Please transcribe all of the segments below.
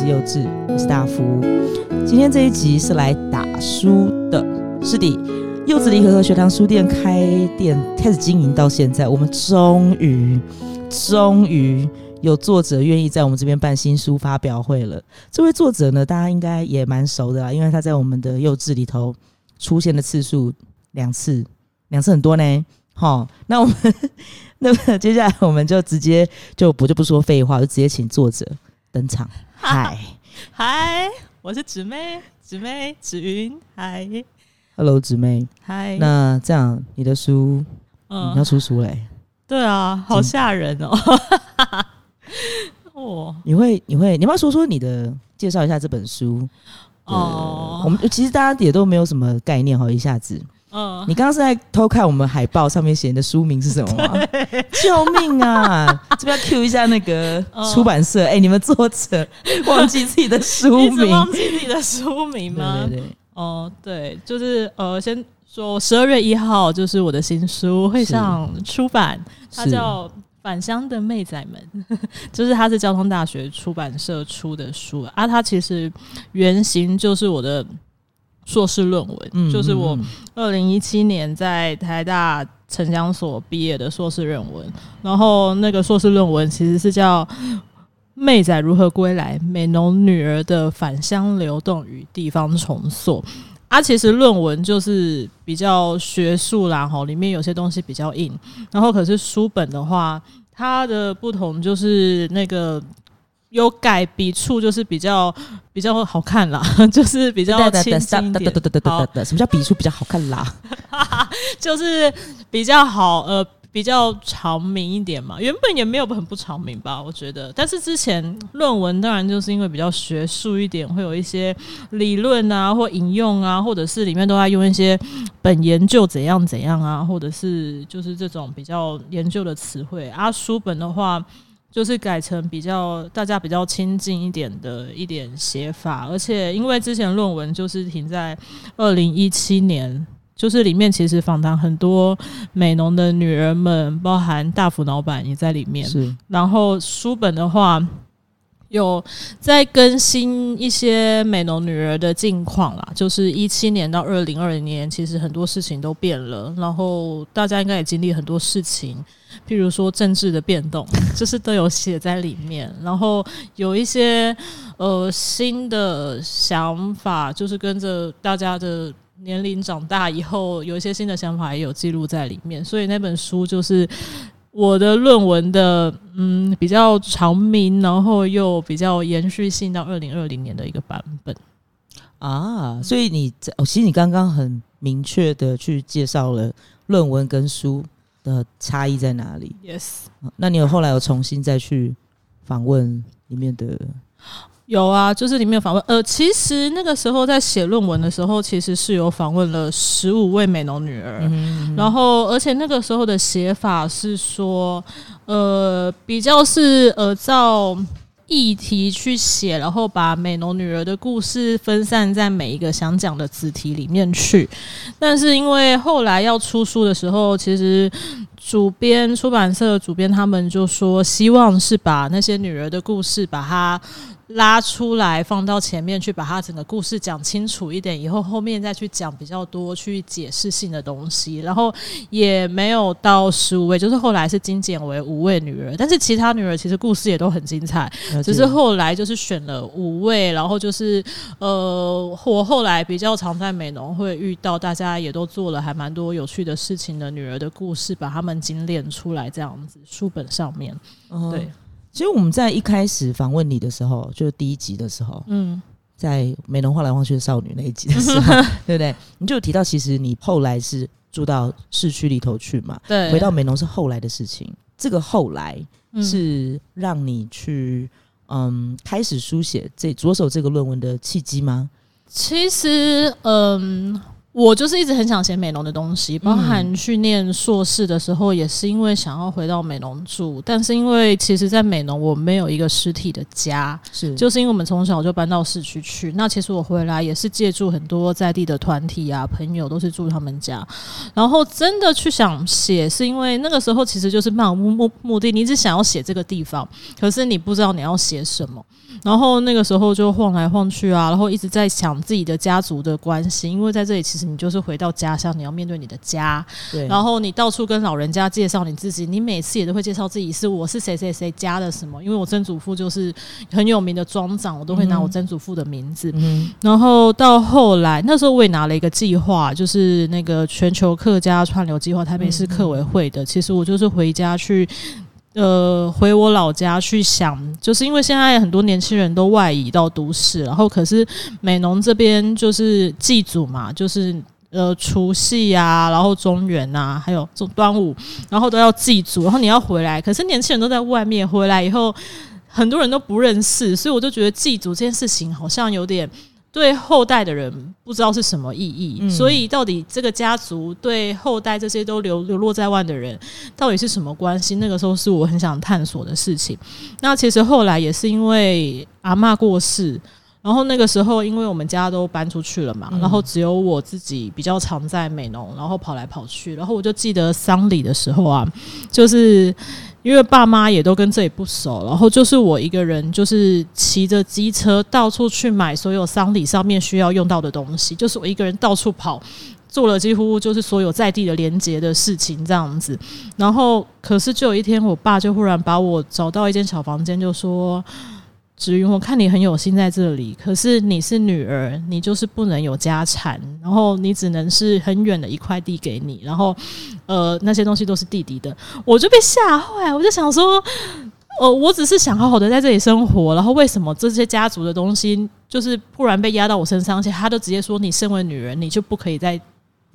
是柚誌，我是大福。今天這一集是來打書的，是的。柚誌。離合和學堂書店開店開始經營到現在，我們終於終於有作者願意在我們這邊辦新書發表會了。這位作者呢，大家應該也蠻熟的啦，因為他在我們的柚誌裡頭出現的次數兩次，兩次很多呢。好，那我們，那麼接下來我們就直接就我就不說廢話，就直接請作者登場，嗨嗨，Hi, Hi, 我是姊妹姊妹芷筠，嗨，Hello，姊妹，嗨，那這樣你的書，嗯，要出書嘞、嗯，對啊，好嚇人哦，哇， 你會你會你要不要說說你的介紹一下這本書哦、呃，我們其實大家也都沒有什麼概念哈，一下子。你剛剛是在偷看我們海報上面寫的書名是什麼嗎？啊？救命啊！ 這邊 Q 一下那個出版社，哎，哦欸，你們作者忘記自己的書名， 你忘記自己的書名嗎？對對對。哦，對,就是，呃，先說十二月一號就是我的新書會上出版，它叫《返鄉的妹仔們》呵呵，就是它是交通大學出版社出的書啊，它其實原型就是我的。碩士論文就是我二零一七年在台大城鄉所畢業的碩士論文，然後那個碩士論文其實是叫《妹仔如何歸來：美濃女兒的返鄉流動與地方重塑》。啊，其實論文就是比較學術啦，吼，裡面有些東西比較硬。然後可是書本的話，它的不同就是那個。有改筆觸，就是比較比較好看啦。就是比較清新一點。好，什麼叫筆觸比較好看啦？ 就是比較好，呃，比較長明一點嘛。原本也沒有很不長明吧，我覺得。但是之前論文當然就是因為比較學術一點，會有一些理論啊，或引用啊，或者是裡面都在用一些本研究怎樣怎樣啊，或者是就是這種比較研究的詞彙。啊，書本的話。就是改成比較大家比較親近一點的一點寫法，而且因為之前論文就是停在二零一七年，就是裡面其實訪談很多美濃的女兒們，包含大福老闆也在裡面。是，然後書本的話有在更新一些美濃女兒的近況啦，就是一七年到二零二零年，其實很多事情都變了，然後大家應該也經歷很多事情。譬如說政治的變動，就是都有寫在裡面。然後有一些呃新的想法，就是跟着大家的年齡長大以後，有一些新的想法也有記錄在裡面。所以那本書就是我的論文的嗯比較長名，然後又比較延續性到二零二零年的一個版本啊。所以你在，我其實你剛剛很明確的去介紹了論文跟書。呃，差異在哪裡？Yes，那你有後來有重新再去訪問裡面的？有啊，就是裡面有訪問呃，其實那個時候在寫論文的時候，其實是有訪問了十五位美濃女兒，嗯，然後而且那個時候的寫法是說，呃，比較是呃照。議題去寫，然後把美濃女兒的故事分散在每一個想講的子題裡面去。但是因為後來要出書的時候，其實主編、出版社的主編他們就說，希望是把那些女兒的故事把它拉出來放到前面去，把它整個故事講清楚一點，以後後面再去講比較多去解釋性的東西。然後也沒有到十五位，就是後來是精簡為五位女兒，但是其他女兒其實故事也都很精彩。嗯只是後來就是選了五位，然後就是呃，我後來比較常在美濃會遇到大家，也都做了還蠻多有趣的事情的女兒的故事，把他們精煉出來這樣子書本上面，嗯。對，其實我們在一開始訪問你的時候，就第一集的時候，嗯，在美濃晃來晃去的少女那一集的時候， 對不對，對？你就提到，其實你後來是住到市區裡頭去嘛？對，回到美濃是後來的事情。這個後來是讓你去，嗯。嗯、um，開始書寫這，着手這個論文的契機嗎？其實，嗯。我就是一直很想寫美濃的東西，包含去念碩士的時候，也是因為想要回到美濃住。但是因為其實，在美濃我沒有一個實體的家，是，就是因為我們從小就搬到市區去。那其實我回來也是借住很多在地的團體啊，朋友都是住他們家。然後真的去想寫，是因為那個時候其實就是漫無目的，你一直想要寫這個地方，可是你不知道你要寫什麼。然後那個時候就晃來晃去啊，然後一直在想自己的家族的關係，因為在這裡其實。你就是回到家鄉，你要面對你的家，對。然後你到處跟老人家介紹你自己，你每次也都會介紹自己是我是誰誰誰家的什麼，因為我曾祖父就是很有名的莊長，我都會拿我曾祖父的名字。嗯。然後到後來，那時候我也拿了一個計劃，就是那個全球客家串流計劃，台北市客委會的。嗯。其實我就是回家去。呃，回我老家去想，就是因為現在很多年輕人都外移到都市，然後可是美農這邊就是祭祖嘛，就是呃除夕啊，然後中元吶啊，還有中端午，然後都要祭祖，然後你要回來，可是年輕人都在外面，回來以後很多人都不認識，所以我就覺得祭祖這件事情好像有點。對後代的人不知道是什麼意義，嗯，所以到底這個家族對後代這些都流流落在外的人，到底是什麼關係？那個時候是我很想探索的事情。那其實後來也是因為阿嬤過世，然後那個時候因為我們家都搬出去了嘛，嗯，然後只有我自己比較常在美濃，然後跑來跑去，然後我就記得喪禮的時候啊，就是。因為爸媽也都跟這裡不熟，然後就是我一個人，就是騎着機車到處去買所有喪禮上面需要用到的東西，就是我一個人到處跑，做了幾乎就是所有在地的連接的事情這樣子。然後，可是就有一天，我爸就忽然把我找到一間小房間，就說：芷筠，我看你很有心在這裡，可是你是女兒，你就是不能有家產，然後你只能是很遠的一塊地給你，然後呃那些東西都是弟弟的，我就被嚇壞，我就想說，哦、呃，我只是想好好的在這裡生活，然後為什麼這些家族的東西就是突然被壓到我身上去？而且他都直接說，你身為女人，你就不可以再。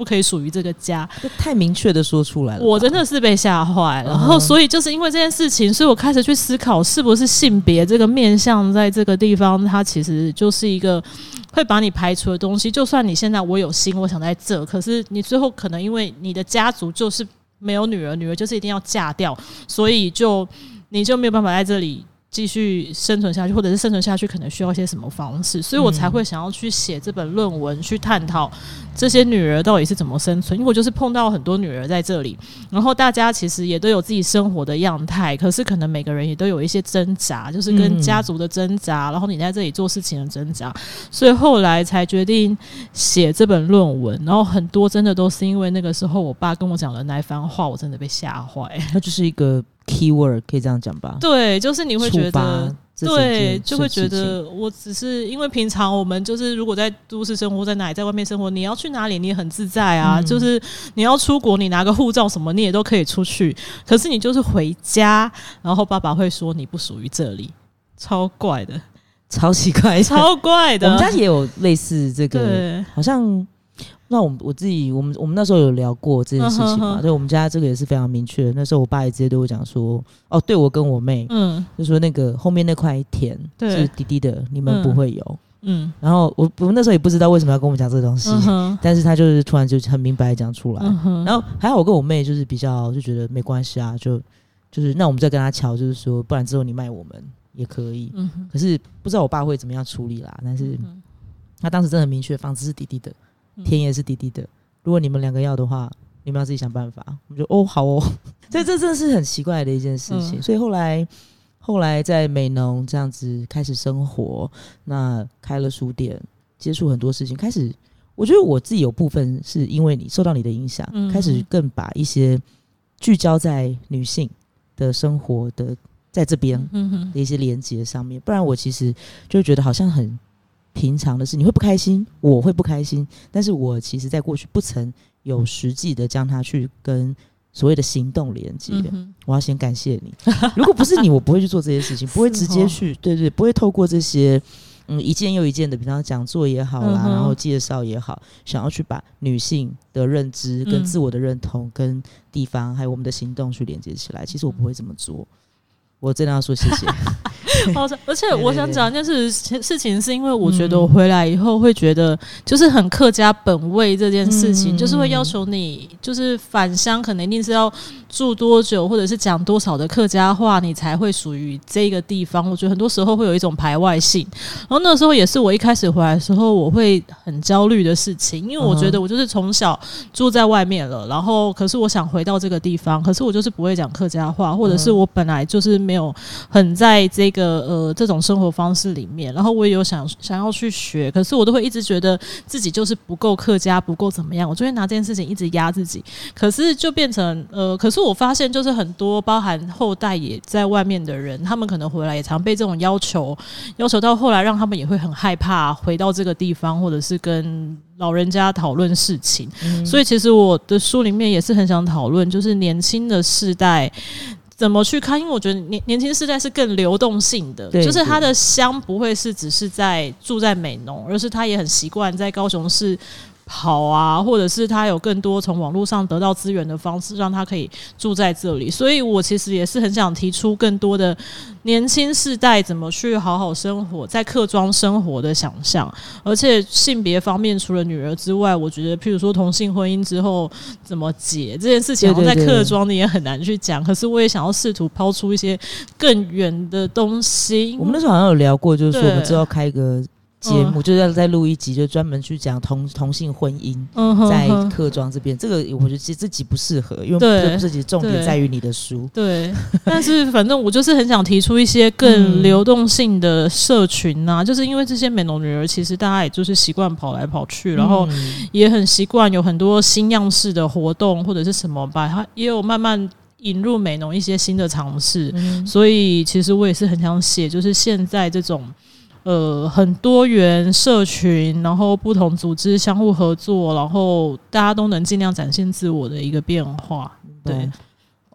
可以屬於這個家，就太明確的說出來了。我真的是被嚇壞了。然後，所以就是因為這件事情，所以我開始去思考，是不是性別這個面向在這個地方，它其實就是一個會把你排除的東西。就算你現在我有心，我想在這，可是你最後可能因為你的家族就是沒有女兒，女兒就是一定要嫁掉，所以就你就沒有辦法在這裡。繼續生存下去，或者是生存下去可能需要一些什麼方式，所以我才會想要去寫這本論文，嗯，去探討這些女兒到底是怎麼生存。因為我就是碰到很多女兒在這裡，然後大家其實也都有自己生活的樣態，可是可能每個人也都有一些掙扎，就是跟家族的掙扎，然後你在這裡做事情的掙扎，所以後來才決定寫這本論文。然後很多真的都是因為那個時候，我爸跟我講的那一番話，我真的被嚇壞。 那就是一個。Keyword 可以這樣講吧？對，就是你會覺得，事事對，就會覺得，我只是因為平常我們就是，如果在都市生活，嗯、在哪裡，在外面生活，你要去哪裡，你也很自在啊、嗯。就是你要出國，你拿個護照什麼，你也都可以出去。可是你就是回家，然後爸爸會說，你不屬於這裡，超怪的，超奇怪，超怪的。我們家也有類似這個，好像。那我我自己，我們我們那時候有聊過這件事情嘛？所以，uh-huh. 我們家這個也是非常明確。那時候我爸也直接對我講說：“哦，對我跟我妹，嗯，uh-huh, 就說那個後面那塊田是滴滴的，uh-huh. 你們不會有。”嗯，然後我我那時候也不知道為什麼要跟我們講這個東西，uh-huh. 但是他就是突然就很明白講出來。Uh-huh. 然後還好我跟我妹就是比較就覺得沒關係啊，就就是那我們再跟他喬，就是說不然之後你賣我們也可以。嗯，uh-huh，可是不知道我爸會怎麼樣處理啦。但是他當時真的很明確，房子是滴滴的。天也是滴滴的。如果你們兩個要的話，你們要自己想辦法。我就哦，好哦。 所以這真的是很奇怪的一件事情。嗯、所以後來，後來在美濃這樣子開始生活，那開了書店，接觸很多事情，開始我覺得我自己有部分是因為你受到你的影響、嗯，開始更把一些聚焦在女性的生活的在這邊的一些連接上面。不然我其實就覺得好像很。平常的事你會不開心，我會不開心。但是我其實在過去不曾有實際的將它去跟所謂的行動連接的、嗯。我要先感謝你， 如果不是你，我不會去做這些事情， 不會直接去，對，對對，不會透過這些，嗯，一件又一件的比方講座也好啦、啊嗯，然後介紹也好，想要去把女性的認知跟自我的認同跟地方、嗯、還有我們的行動去連接起來，其實我不會這麼做。我真的要說謝謝。 好，而且我想講，就、欸、是事情是因為我覺得我回來以後會覺得，就是很客家本位這件事情，嗯、就是會要求你就是返鄉，可能一定是要住多久，或者是講多少的客家話，你才會屬於這個地方。我覺得很多時候會有一種排外性。然後那時候也是我一開始回來的時候，我會很焦慮的事情，因為我覺得我就是從小住在外面了，然後可是我想回到這個地方，可是我就是不會講客家話，或者是我本來就是沒有很在這個。呃，呃，這種生活方式裡面，然後我也有想想要去學，可是我都會一直覺得自己就是不夠客家，不夠怎麼樣。我就會拿這件事情一直壓自己，可是就變成呃，可是我發現就是很多包含後代也在外面的人，他們可能回來也常被這種要求要求到後來，讓他們也會很害怕回到這個地方，或者是跟老人家討論事情。嗯。所以其實我的書裡面也是很想討論，就是年輕的世代怎麼去看？因為我覺得年年輕時代是更流動性的。對對對，就是他的鄉不會是只是在住在美濃，而是他也很習慣在高雄市。跑啊，或者是他有更多從網絡上得到資源的方式，讓他可以住在這裡。所以，我其實也是很想提出更多的年輕世代怎麼去好好生活在客莊生活的想象。而且，性別方面，除了女兒之外，我覺得，譬如說同性婚姻之後怎麼解這件事情，好像在客莊你也很難去講。對對對。可是，我也想要試圖拋出一些更遠的東西。我們那時候好像有聊過，就是說，我們知道開個。節目就是要再錄一集，就專門去講同同性婚姻，在客莊這邊，這個我覺得自己不適合，因為自己重點在於你的書。對，但是反正我就是很想提出一些更流動性的社群吶、啊。就是因為這些美濃女兒其實大家也就是習慣跑來跑去，然後也很習慣有很多新樣式的活動或者是什麼吧，她也有慢慢引入美濃一些新的嘗試，所以其實我也是很想寫，就是現在這種。呃，很多元社群，然後不同組織相互合作，然後大家都能盡量展現自我的一個變化。對,對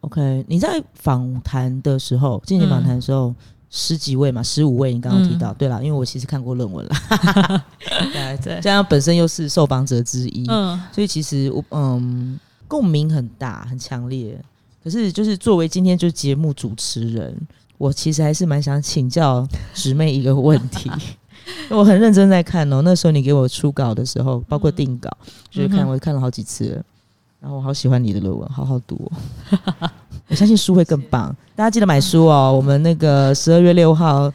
，OK，你在訪談的時候，進行訪談的時候，嗯、十幾位嘛，十五位，你剛剛提到、嗯，對啦，因為我其實看過論文啦， 對,對，這樣本身又是受訪者之一，嗯，所以其實我嗯，共鳴很大，很強烈。可是就是作為今天就是節目主持人。我其實還是蠻想請教姊妹一個問題， 我很認真在看哦、喔。那時候你給我初稿的時候，包括定稿，嗯、就看我看了好幾次了，然後我好喜歡你的論文，好好讀、喔。 我相信書會更棒，謝謝，大家記得買書哦。Okay. 我們那個十二月六號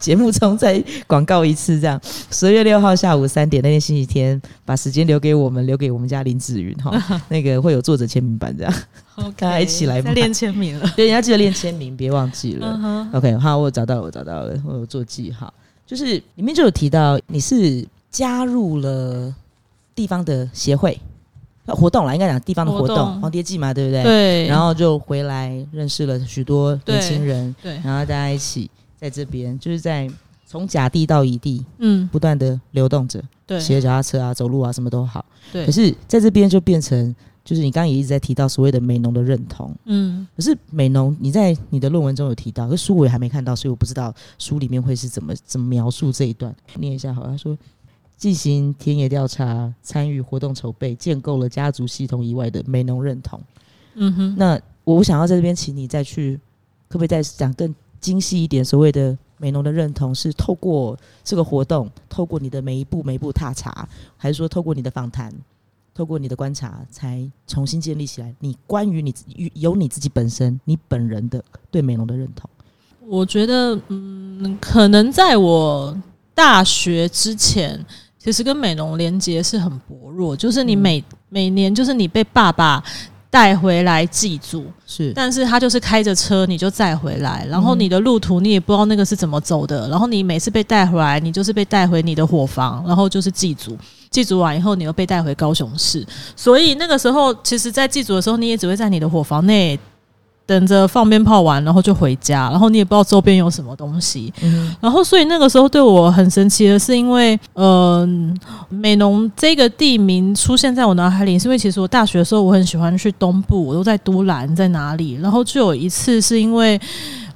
節目中再廣告一次，這樣十二月六號下午三點那天星期天，把時間留給我們，留給我們家林芷筠哈，uh -huh. 那個會有作者簽名版這樣。OK，大家一起來練簽名了。對，大家記得練簽名，別忘記了。Uh -huh. OK，好，我找到了，我找到了，我有做記號。就是裡面就有提到，你是加入了地方的協會。活動啦，應該講地方的活動，黃蝶祭嘛，對不對？對。然後就回來認識了許多年輕人，對，對。然後大家一起在這邊，就是在從甲地到乙地，嗯，不斷的流動着，對。騎著腳踏車啊，走路啊，什麼都好，對。可是在這邊就變成，就是你剛剛也一直在提到所謂的美濃的認同，嗯。可是美濃，你在你的論文中有提到，可是書我也還沒看到，所以我不知道書裡面會是怎麼怎麼描述這一段。念一下，好，他說。進行田野調查，參與活動籌備，建構了家族系統以外的美濃認同。嗯哼，那我想要在這邊請你再去，可不可以再講更精細一點？所謂的美濃的認同，是透過這個活動，透過你的每一步每一步踏查，還是說透過你的訪談，透過你的觀察，才重新建立起來？你關於你有你自己本身，你本人的對美濃的認同？我覺得，嗯，可能在我大學之前。其實跟美濃連接是很薄弱，就是你每、嗯、每年，就是你被爸爸帶回來祭祖，是，但是他就是開着車你就載回來，然後你的路途你也不知道那個是怎麼走的，嗯、然後你每次被帶回來，你就是被帶回你的夥房，然後就是祭祖，祭祖完以後你又被帶回高雄市，所以那個時候其實，在祭祖的時候，你也只會在你的夥房內。等着放鞭炮完，然後就回家，然後你也不知道周邊有什麼東西，嗯嗯，然後所以那個時候對我很神奇的是，因為嗯、呃，美濃這個地名出現在我腦海裡，是因為其實我大學的時候我很喜歡去東部，我都在都蘭在哪裡，然後就有一次是因為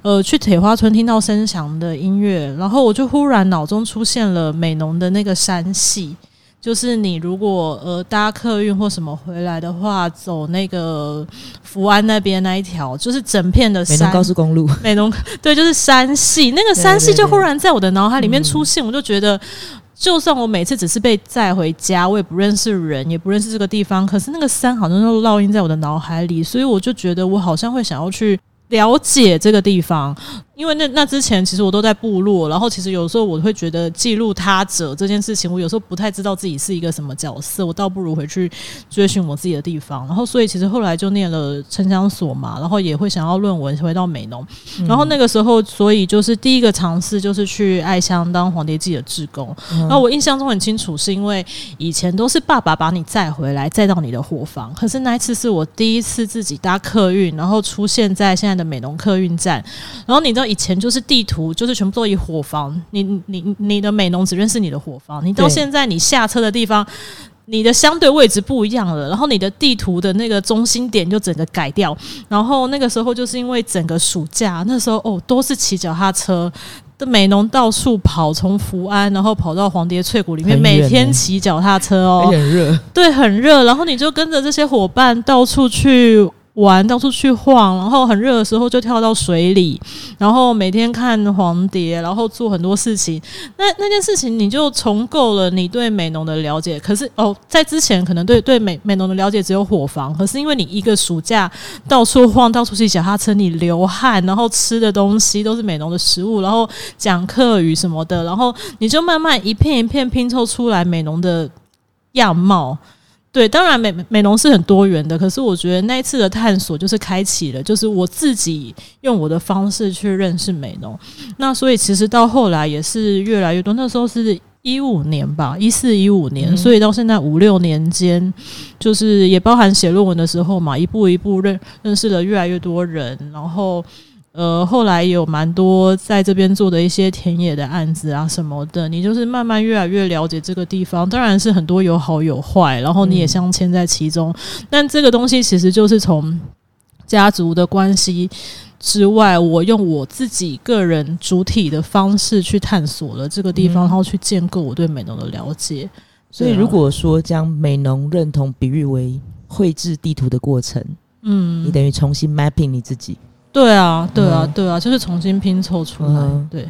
呃去鐵花村聽到生祥的音樂，然後我就忽然腦中出現了美濃的那個山系。就是你如果呃搭客運或什麼回來的話，走那個福安那邊那一條，就是整片的山，美濃高速公路，美濃對，就是山系，那個山系就忽然在我的腦海裡面出現對對對。我就覺得，就算我每次只是被載回家，我也不認識人，也不認識這個地方，可是那個山好像都烙印在我的腦海裡，所以我就覺得我好像會想要去。了解這個地方，因為那那之前其實我都在部落，然後其實有時候我會覺得記錄他者這件事情，我有時候不太知道自己是一個什麼角色，我倒不如回去追尋我自己的地方，然後所以其實後來就念了城鄉所嘛，然後也會想要論文回到美濃，嗯，然後那個時候，所以就是第一個嘗試就是去愛鄉當黃蝶祭的志工，嗯，然後我印象中很清楚，是因為以前都是爸爸把你載回來載到你的伙房，可是，那一次是我第一次自己搭客運，然後出現在現在的。美濃客運站，然後你知道以前就是地圖就是全部都以伙房，你你你的美濃只認識你的伙房，你到現在你下車的地方，你的相對位置不一樣了，然後你的地圖的那個中心點就整個改掉，然後那個時候就是因為整個暑假那時候哦都是騎腳踏車的美濃到處跑，從福安然後跑到黃蝶翠谷裡面，每天騎腳踏車哦，很熱，對，很熱，然後你就跟着這些夥伴到處去。玩到處去晃，然後很熱的時候就跳到水裡，然後每天看黃蝶，然後做很多事情。那那件事情你就重構了你對美濃的了解。可是哦，在之前可能對對美美濃的了解只有伙房。可是因為你一個暑假到處晃，到處，晃到處去腳踏車，你流汗，然後吃的東西都是美濃的食物，然後講客語什麼的，然後你就慢慢一片一片拼湊出來美濃的樣貌。對，當然美美濃是很多元的，可是我覺得那一次的探索就是開啟了，就是我自己用我的方式去認識美濃。那所以其實到後來也是越來越多，那時候是一五年吧，一四一五年、嗯，所以到現在五六年間，就是也包含寫論文的時候嘛，一步一步認認識了越來越多人，然後。呃，後來有蠻多在這邊做的一些田野的案子啊什麼的，你就是慢慢越來越了解這個地方，當然是很多有好有壞，然後你也鑲嵌在其中，嗯。但這個東西其實就是從家族的關係之外，我用我自己個人主體的方式去探索了這個地方，嗯，然後去建構我對美濃的了解。所以如果說將美濃認同比喻為繪製地圖的過程，嗯，你等於重新 mapping 你自己。對啊，對啊，uh -huh. 對啊，就是重新拼湊出來，uh -huh. 對，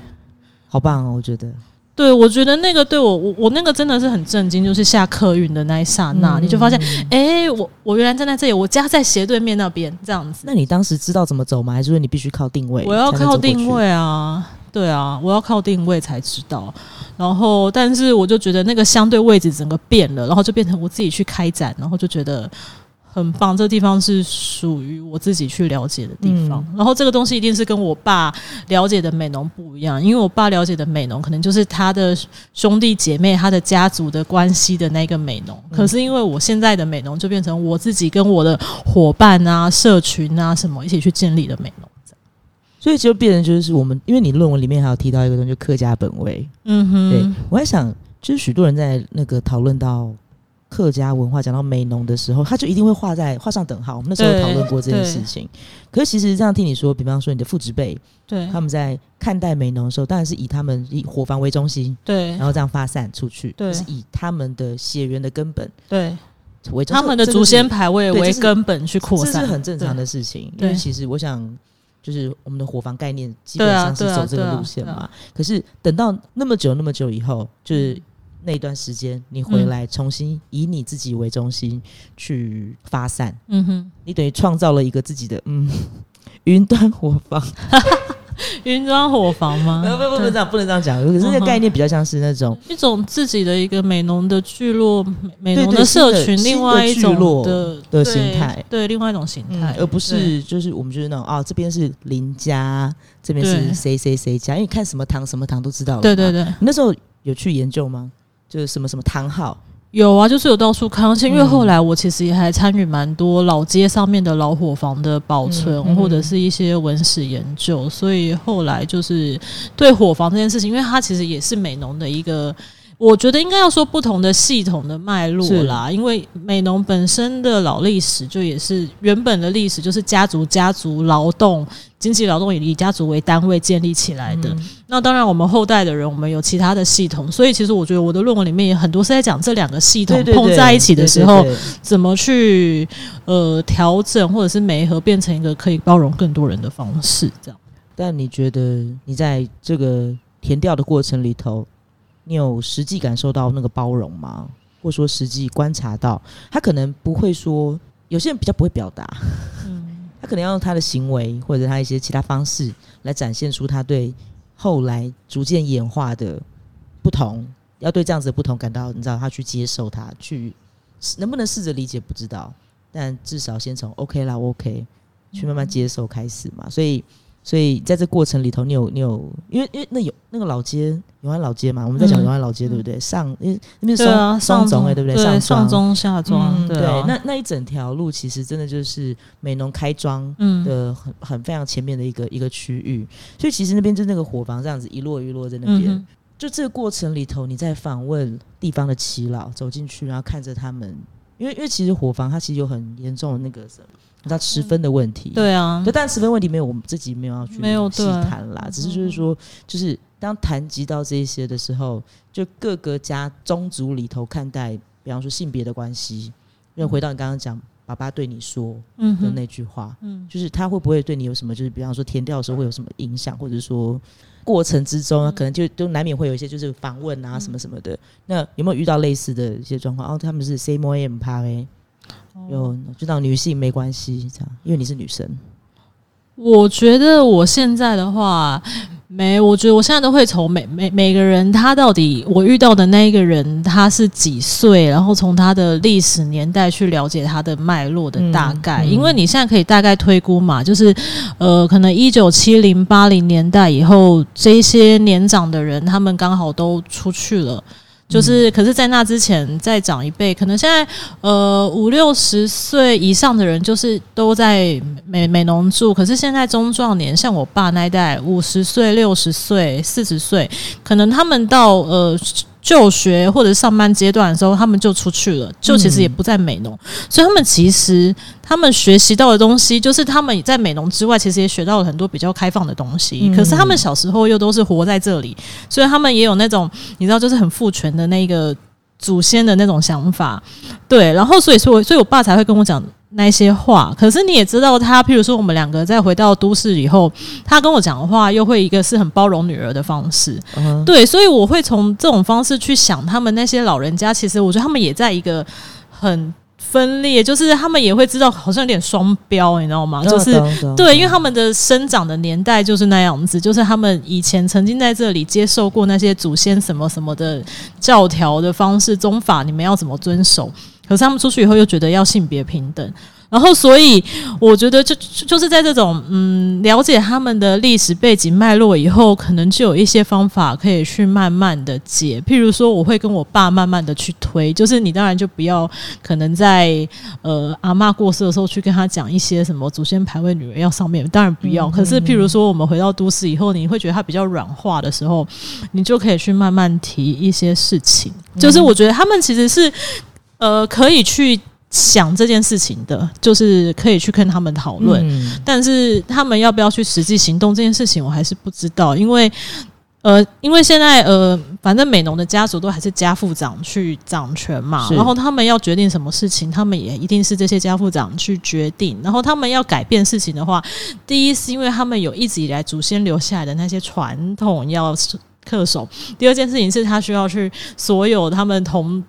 好棒哦，我覺得。對，我覺得那個對我，我我那個真的是很震驚，就是下客運的那一剎那，嗯、你就發現，誒，我我原來站在這裡，我家在斜對面那邊，這樣子。那你當時知道怎麼走嗎？還是說你必須靠定位，我要靠定位？我要靠定位啊，對啊，我要靠定位才知道。然後，但是我就覺得那個相對位置整個變了，然後就變成我自己去開展，然後就覺得。很棒，這個地方是屬於我自己去了解的地方、嗯。然後這個東西一定是跟我爸了解的美濃不一樣，因為我爸了解的美濃可能就是他的兄弟姐妹、他的家族的關係的那個美濃。嗯、可是因為我現在的美濃就變成我自己跟我的夥伴啊、社群啊什麼一起去建立的美濃，所以就變成就是我們。因為你論文裡面還有提到一個東西，就是、客家本位。嗯哼，對，我還想，就是許多人在那個討論到。客家文化講到美濃的時候，他就一定會畫在畫上等號。我們那時候討論過這件事情。可是其實這樣聽你說，比方說你的父執輩，對他們在看待美濃的時候，當然是以他們以伙房為中心，對，然後這樣發散出去，對，是以他們的血緣的根本，對，為對他們的祖先牌位為根本去擴散，這、就是很正常的事情。因為其實我想，就是我們的伙房概念基本上是走這個路線嘛。啊啊啊啊、可是等到那麼久那麼久以後，就是。嗯那一段時間，你回來重新以你自己為中心去發散，嗯哼，你等於創造了一個自己的嗯，雲端伙房，雲 端伙房嗎？不不不，這樣不能這樣講，可是那個概念比較像是那種、嗯、一種自己的一個美濃的聚落，美濃的社群對對對的，另外一種的的形態，對，另外一種形態、嗯，而不是就是我們就是那種啊，這邊是林家，這邊是誰誰誰家，因為你看什麼堂什麼堂都知道了。對對對，你那時候有去研究嗎？就是什麼什麼堂號，有啊，就是有到處看，因為後來我其實也還參與蠻多老街上面的老夥房的保存、嗯嗯嗯，或者是一些文史研究，所以後來就是對夥房這件事情，因為它其實也是美濃的一個。我覺得應該要說不同的系統的脈絡啦，因為美濃本身的老歷史就也是原本的歷史，就是家族家族勞動，經濟勞動以以家族為單位建立起來的。嗯、那當然，我們後代的人，我們有其他的系統，所以其實我覺得我的論文裡面也很多是在講這兩個系統碰在一起的時候，對對對對對對怎麼去呃調整，或者是媒合，變成一個可以包容更多人的方式，這樣。但你覺得你在這個田調的過程裡頭，你有實際感受到那個包容嗎？或者說實際觀察到他可能不會說，有些人比較不會表達，嗯，他可能要用他的行為或者他一些其他方式來展現出他對後來逐漸演化的不同，要對這樣子的不同感到你知道他去接受他去，能不能試着理解不知道，但至少先從 OK 啦 OK 去慢慢接受開始嘛，嗯，所以。所以，在這過程裡頭，你有你有，因為因為那有那個老街永安老街嘛，嗯、我們在講永安老街，對不對、嗯？上，因為那邊雙上中上、欸、對不對？對上，上莊下莊、嗯哦，對，那那一整條路其實真的就是美濃開莊的很很非常前面的一個一個區域、嗯。所以其實那邊就那個火房這樣子一落一落在那邊、嗯。就這個過程裡頭，你在訪問地方的耆老，走進去，然後看着他們，因為因為其實火房它其實有很嚴重的那個什麼。那持分的問題，嗯、對啊，對但持分問題沒有，我們自己沒有要去細談啦、啊。只是就是說，嗯、就是當談及到這些的時候，就各個家宗族裡頭看待，比方說性別的關係。又、嗯、回到你剛剛講，爸爸對你說的那句話，嗯，就是他會不會對你有什麼，就是比方說填掉的時候會有什麼影響，或者說過程之中可能就都難免會有一些就是訪問啊什麼什麼的、嗯。那有沒有遇到類似的一些狀況？哦、啊，他們是 C M M 派誒。有，就當女性沒關係，這樣，因為你是女生。我覺得我現在的話，沒，我覺得我現在都會從每每每個人他到底，我遇到的那一個人他是幾歲，然後從他的歷史年代去了解他的脈絡的大概。嗯嗯，因為你現在可以大概推估嘛，就是呃，可能一九七零、八零年代以後這些年長的人，他們剛好都出去了。就是，可是，在那之前再長一輩、嗯。可能現在，呃，五六十歲以上的人就是都在美美濃住。可是現在中壯年，像我爸那一代，五十歲、六十歲、四十歲，可能他們到呃。就學或者上班階段的時候，他們就出去了，就其實也不在美濃，嗯，所以他們其實他們學習到的東西，就是他們在美濃之外，其實也學到了很多比較開放的東西，嗯。可是他們小時候又都是活在這裡，所以他們也有那種你知道，就是很父權的那個。祖先的那種想法，對，然後所以說我，所以我爸才會跟我講那些話。可是你也知道他，他譬如說，我們兩個在回到都市以後，他跟我講的話，又會一個是很包容女兒的方式，嗯，對，所以我會從這種方式去想，他們那些老人家，其實我覺得他們也在一個很。分裂，就是他們也會知道，好像有點雙標，你知道嗎？啊、就是、啊啊啊、對，因為他們的生長的年代就是那樣子、啊，就是他們以前曾經在這裡接受過那些祖先什麼什麼的教條的方式、宗法，你們要怎麼遵守？可是他們出去以後又覺得要性別平等。然後，所以我覺得就，就就是在這種嗯，了解他們的歷史背景脈絡以後，可能就有一些方法可以去慢慢的解。譬如說，我會跟我爸慢慢的去推，就是你當然就不要可能在呃阿嬤過世的時候去跟他講一些什麼祖先牌位女人要上面，當然不要。嗯、可是譬如說，我們回到都市以後，你會覺得他比較軟化的時候，你就可以去慢慢提一些事情。嗯、就是我覺得他們其實是呃可以去。想這件事情的，就是可以去跟他們討論、嗯，但是他們要不要去實際行動這件事情，我還是不知道。因為，呃，因為現在呃，反正美濃的家族都還是家父長去掌權嘛，然後他們要決定什麼事情，他們也一定是這些家父長去決定。然後他們要改變事情的話，第一是因為他們有一直以來祖先留下來的那些傳統要恪守，第二件事情是他需要去所有他們同。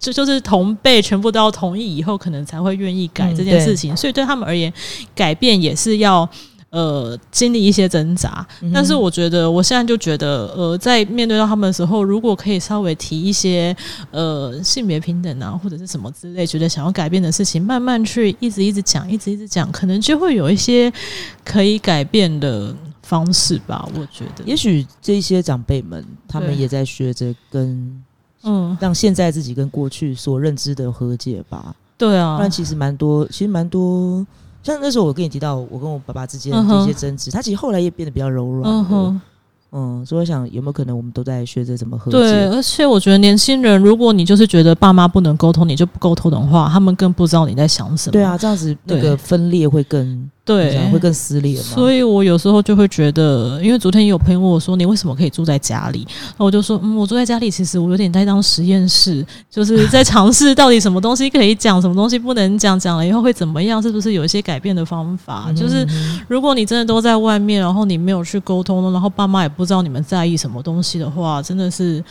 就就是同輩全部都要同意以後，可能才會願意改這件事情、嗯。所以對他們而言，改變也是要呃經歷一些掙扎、嗯。但是我覺得，我現在就覺得，呃，在面對到他們的時候，如果可以稍微提一些呃性別平等啊，或者是什麼之類，覺得想要改變的事情，慢慢去一直一直講，一直一直講，可能就會有一些可以改變的方式吧。我覺得，也許這些長輩們，他們也在學着跟。嗯，讓現在自己跟過去所認知的和解吧。對啊，不然其實蠻多，其實蠻多，像那時候我跟你提到，我跟我爸爸之間的這些爭執、嗯，他其實後來也變得比較柔軟。嗯哼，嗯，所以我想，有沒有可能我們都在學着怎麼和解？對，而且我覺得年輕人，如果你就是覺得爸媽不能溝通，你就不溝通的話，他們更不知道你在想什麼。對啊，這樣子那個分裂會更。對，會更撕裂。所以我有時候就會覺得，因為昨天有朋友問我說：“你為什麼可以住在家裡？”那我就說：“嗯，我住在家裡，其實我有點在當實驗室，就是在嘗試到底什麼東西可以講， 什麼東西不能講，講了以後會怎麼樣，是不是有一些改變的方法？嗯哼嗯哼。就是如果你真的都在外面，然後你沒有去溝通，然後爸媽也不知道你們在意什麼東西的話，真的是。”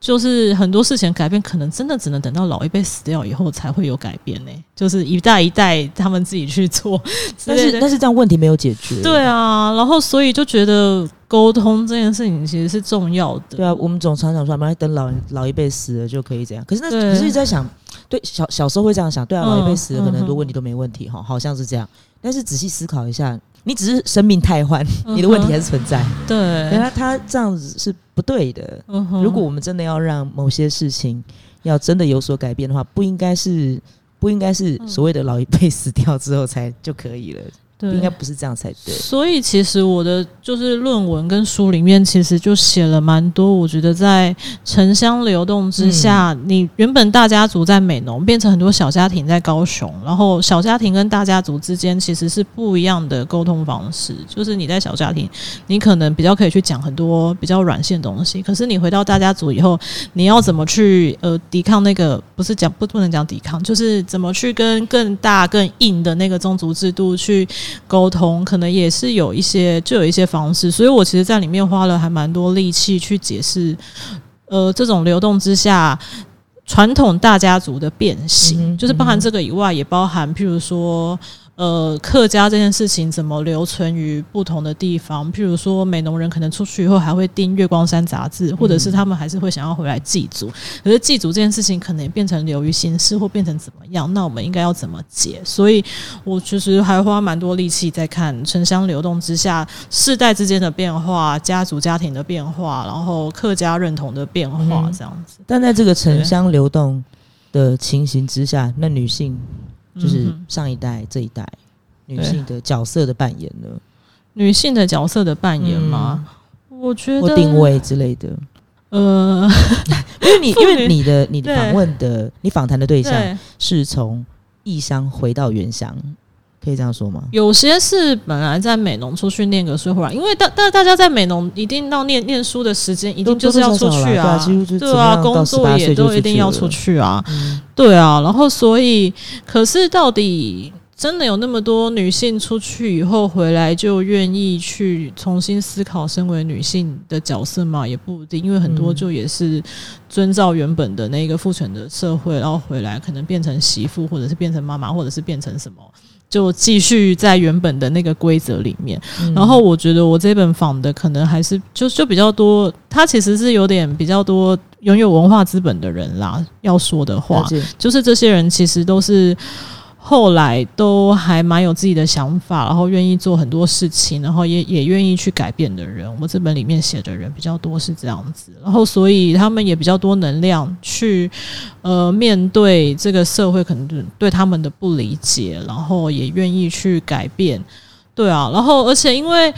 就是很多事情改變，可能真的只能等到老一輩死掉以後才會有改變呢。就是一代一代他們自己去做，但是 對對對，但是這樣問題沒有解決。對啊，然後所以就覺得溝通這件事情其實是重要的。對啊，我們總常常說，嘛，等老老一輩死了就可以這樣，可是那可是你在想，對小小時候會這樣想，對啊，老一輩死了可能很多問題都沒問題哈、嗯，好像是這樣，但是仔細思考一下。你只是生命太短，uh -huh, 你的問題還是存在。對，原來他這樣子是不對的，uh -huh。如果我們真的要讓某些事情要真的有所改變的話，不應該是不應該是所謂的老一輩死掉之後才就可以了。對，應該不是這樣才對。所以其實我的就是論文跟書裡面其實就寫了蠻多。我覺得在城鄉流動之下、嗯，你原本大家族在美濃變成很多小家庭在高雄，然後小家庭跟大家族之間其實是不一樣的溝通方式。就是你在小家庭，你可能比較可以去講很多比較軟性的東西。可是你回到大家族以後，你要怎麼去呃抵抗，那個不是講不不能講抵抗，就是怎麼去跟更大更硬的那個宗族制度去。溝通可能也是有一些，就有一些方式，所以我其實，在裡面花了還蠻多力氣去解釋，呃，這種流動之下，傳統大家族的變形，嗯嗯嗯，就是包含這個以外，也包含譬如說。呃，客家這件事情怎麼留存於不同的地方？譬如說，美濃人可能出去以後還會訂《月光山》雜誌，或者是他們還是會想要回來祭祖、嗯。可是祭祖這件事情可能也變成流於形式，或變成怎麼樣？那我們應該要怎麼解？所以，我其實還花蠻多力氣在看城鄉流動之下，世代之間的變化、家族家庭的變化，然後客家認同的變化、嗯、這樣子。但在這個城鄉流動的情形之下，那女性。就是上一代這一代女性的角色的扮演呢？女性的角色的扮演嗎？嗯、我覺得或定位之類的，呃，因 為你因為你的你訪問的你訪談的對象是從異鄉回到原鄉。可以這樣說嗎？有些是本來在美濃，出去念個書回來，因為大大家在美濃一定要念念書的時間，一定就是要出去啊，對啊，對啊，工作也都一定要出去啊，嗯，對啊，然後所以，可是到底。真的有那麼多女性出去以後回來就願意去重新思考身為女性的角色嗎？也不一定，因為很多就也是遵照原本的那個父權的社會，然後回來可能變成媳婦，或者是變成媽媽，或者是變成什麼，就繼續在原本的那個規則裡面、嗯。然後我覺得我這本訪的可能還是就就比較多，他其實是有點比較多擁有文化資本的人啦，要說的話，就是這些人其實都是。後來都還蠻有自己的想法，然後願意做很多事情，然後也也願意去改變的人。我們這本裡面寫的人比較多是這樣子，然後所以他們也比較多能量去，呃，面對這個社會可能對他們的不理解，然後也願意去改變。對啊，然後而且因為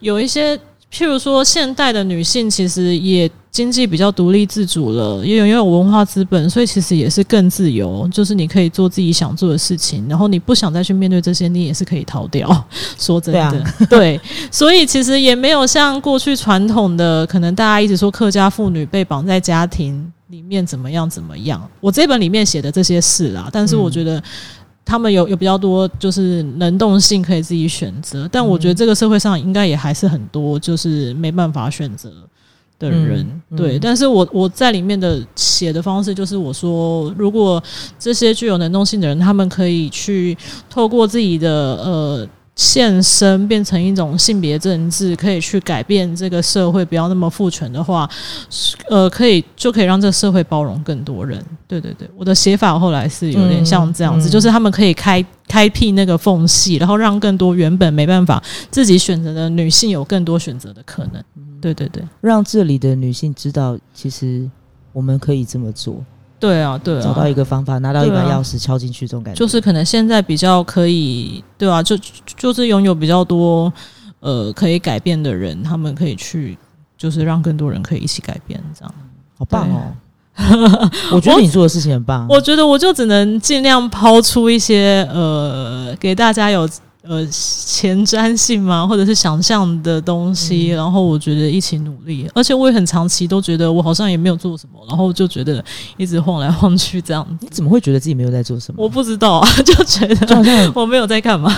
有一些，譬如說現代的女性，其實也。經濟比較獨立自主了，因為因為有文化資本，所以其實也是更自由。就是你可以做自己想做的事情，然後你不想再去面對這些，你也是可以逃掉。說真的，對啊，對，所以其實也沒有像過去傳統的，可能大家一直說客家婦女被綁在家庭裡面怎麼樣怎麼樣。我這本裡面寫的這些事啊，但是我覺得他們有有比較多就是能動性可以自己選擇，但我覺得這個社會上應該也還是很多就是沒辦法選擇的人，嗯嗯，對，但是我我在裡面的寫的方式就是我說，如果這些具有能動性的人，他們可以去透過自己的呃現身，變成一種性別政治，可以去改變這個社會，不要那麼父權的話，呃，可以就可以讓這個社會包容更多人。對對對，我的寫法後來是有點像這樣子，嗯嗯、就是他們可以開開闢那個縫隙，然後讓更多原本沒辦法自己選擇的女性有更多選擇的可能。嗯對對對，讓這裡的女性知道，其實我們可以這麼做。對啊，對啊，找到一個方法，拿到一把鑰匙，啊、敲進去這種感覺，就是可能現在比較可以，對啊，就就是擁有比較多呃可以改變的人，他們可以去，就是讓更多人可以一起改變，這樣好棒哦！ 我覺得你做的事情很棒。我，我覺得我就只能盡量拋出一些呃，給大家有。呃，前瞻性嘛，或者是想象的東西，嗯？然後我覺得一起努力，而且我也很長期都覺得我好像也沒有做什麼，然後就覺得一直晃來晃去這樣子。你怎麼會覺得自己沒有在做什麼？我不知道，啊，就覺得我沒有在幹嘛。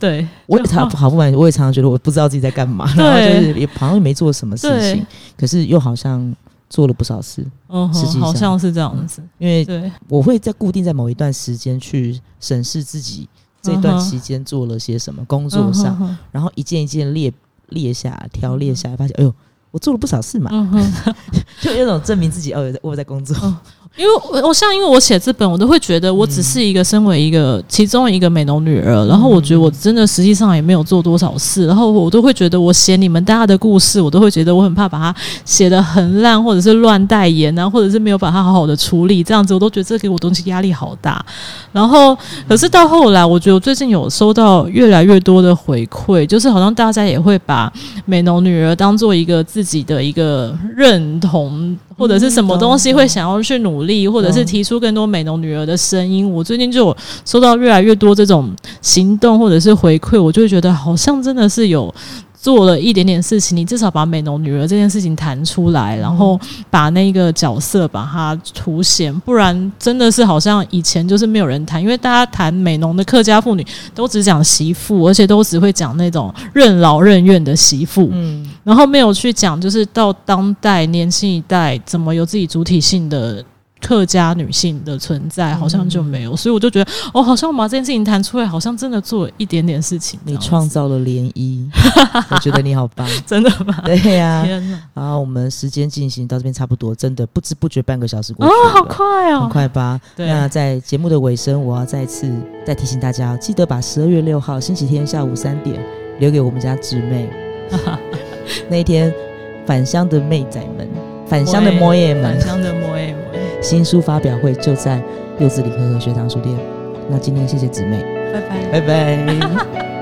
對我也常，也他好不滿意，我也常常覺得我不知道自己在幹嘛，對，然後就是也好像也沒做什麼事情，可是又好像做了不少事。哦，嗯，實際上，好像是這樣子。嗯、因為對我會在固定在某一段時間去審視自己。這段期間做了些什麼、uh -huh. 工作上，uh -huh. 然後一件一件列列下、條列下發現、uh -huh. 哎呦，我做了不少事嘛，uh -huh. 就有一種證明自己 哦，我在，在工作。Uh -huh. 因為我，我像，因為我寫這本，我都會覺得我只是一個身為一個、嗯、其中一個美濃女兒，然後我覺得我真的實際上也沒有做多少事，嗯、然後我都會覺得我寫你們大家的故事，我都會覺得我很怕把它寫得很爛，或者是亂代言啊，或者是沒有把它好好的處理，這樣子我都覺得這給我東西壓力好大。然後，可是到後來，我覺得我最近有收到越來越多的回饋，就是好像大家也會把美濃女兒當做一個自己的一個認同。或者是什麼東西會想要去努力，嗯，或者是提出更多美濃女兒的聲音，嗯。我最近就收到越來越多這種行動，或者是回饋，我就會覺得好像真的是有。做了一點點事情，你至少把美濃女兒這件事情談出來，然後把那個角色把它凸顯，不然真的是好像以前就是沒有人談，因為大家談美濃的客家婦女都只講媳婦，而且都只會講那種任勞任怨的媳婦，嗯，然後沒有去講就是到當代年輕一代怎麼有自己主體性的。客家女性的存在好像就沒有、嗯，所以我就覺得，哦，好像我把這件事情談出來，好像真的做了一點點事情。你創造了漣漪， 我覺得你好棒， 真的嗎？對呀、啊。天哪。然後我們時間進行到這邊差不多，真的不知不覺半個小時過去了、哦，好快哦，很快吧？對。那在節目的尾聲，我要再次再提醒大家，記得把十二月六號星期天下午三點留給我們家姊妹。 那一天返鄉的妹仔們，返鄉的摩耶們，返鄉的摩耶們。 新書發表會就在柚誌理科和學堂書店。那今天謝謝姊妹，拜拜拜拜。